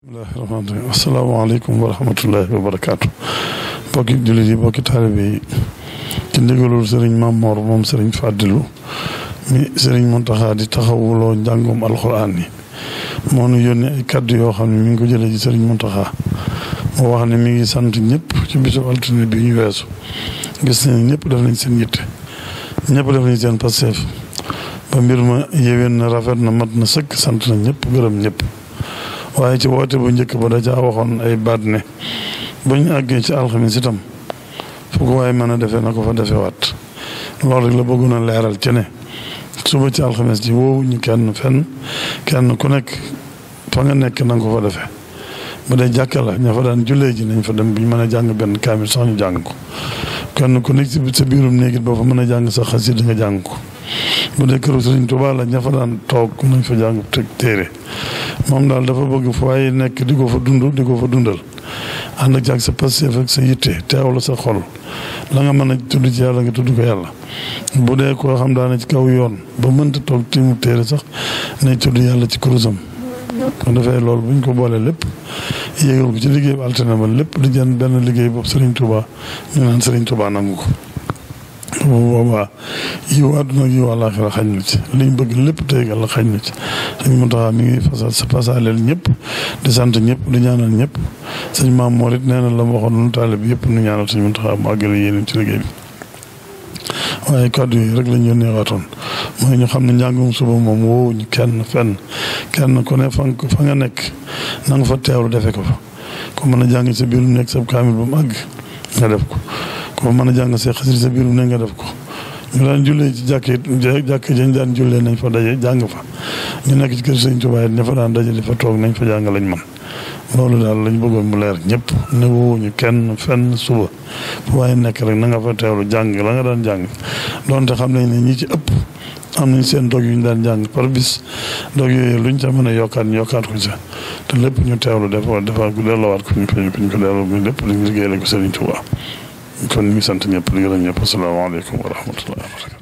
bismillahi rahmaani rahiim asalaamaaleykum wa rahmatullahi wa barakaatu bokki jullit yi bokki taalibe yi ci ndigalul sëriñ Mamor moom sëriñ Fàddilu mi sëriñ Muntaxa di taxawuloo njàngum alxuraan yi moo nu yónni ay kàddu yoo xam ne mi ngi ko jële ci sëriñ Muntaxa moo wax ne mi ngi sant ñëpp ci bisub bi ñu weesu gis nañ ñëpp def nañ seen yitte ñëpp ba mbir ma yéwén na rafet na mat na sëkk sant na ñëpp gërëm ñëpp waaye ci woote bu njëkk ba da caa waxoon ay baat ne buñ àggee ci alxamis itam fu ko waaye mën a defe na ko fa defewaat loolu rek la bëggoon leeral ci ne suba ci alxames ji woowuñu kenn fenn kenn ku nekk fa nga nekk na ko fa defee bu dee jàkka la ña fa daan jullee ji nañ fa dem bu ñu mën a jàng benn kaamil sax ñu jàng ko kenn ku nekk sa biirum néegit boo fa mën a jàng sax xasida nga jàng ko bu dee këru Sëriñ Tuubaa la ña fa daan toog nañ fa jàng teg téere moom daal dafa bëgg fu waaye nekk di ko fa dund di ko fa dundal ànd ak jàng sa pastéef ak sa yitte teewlu sa xol la nga mën a tudd ci yàlla nga tudd ko yàlla bu dee koo xam daana ci kaw yoon ba mënta toog timu téere sax ne tudd yàlla ci kurusam kon dafay loolu buñ ko boolee lépp yéegal ko ci liggéey bu altine lépp di jënd benn liggéey boobu Serigne Touba ñu naan Serigne Touba nangu ko bu boobaa yiw adduna ak yiw àllaaxira xañ na ci liñ bëgg lépp tey yàlla xañ na ci sëñ Muntaxa mi ngi fasal sa fasaleel ñëpp di sant ñëpp di ñaanal ñëpp sëñ Maam Moor it nee la waxoon nu taalib yëpp nu ñaanal sëñ Muntaxa mu àggale yéenam ci liggéey bi waaye kàddu yi rek lañ yónnee waatoon mooy xam ne njàngum suba moom woowuñu kenn fenn kenn ku ne fa nekk na nga fa teewlu defe ko fa mën a jàng sa biir nekk sab kaamil ba mu àgg nga def ko ko mën a jàng see xasida sa biir ne nga def ko ñu daan jullee ci jàkk jàkk jañ daan jullee nañ fa daje jàng fa ñu nekk ci kër sëñ Tuubaa it ne fa daan daje di fa toog nañ fa jàng lañ man loolu daal lañ bëggoon mu leer ñëpp ne woowuñu kenn fenn suba waaye nekk rek na nga fa teewlu jàng la nga daan jàng donte xam nañ ni ñi ci ëpp am nañ seen dog yu ñu daan jàng par bis dog yooyu luñ ca mën a yokkaat ñu yokkaat ko ca te lépp ñu teewlu lu defa ku delloowaat ko ñu ko ñu ko delloo lépp liggéey la ko Sëriñ Tuubaa kon ñu ngi sant ñëpp di gërëm ñëpp asalaamaaleykum wa rahmatullahi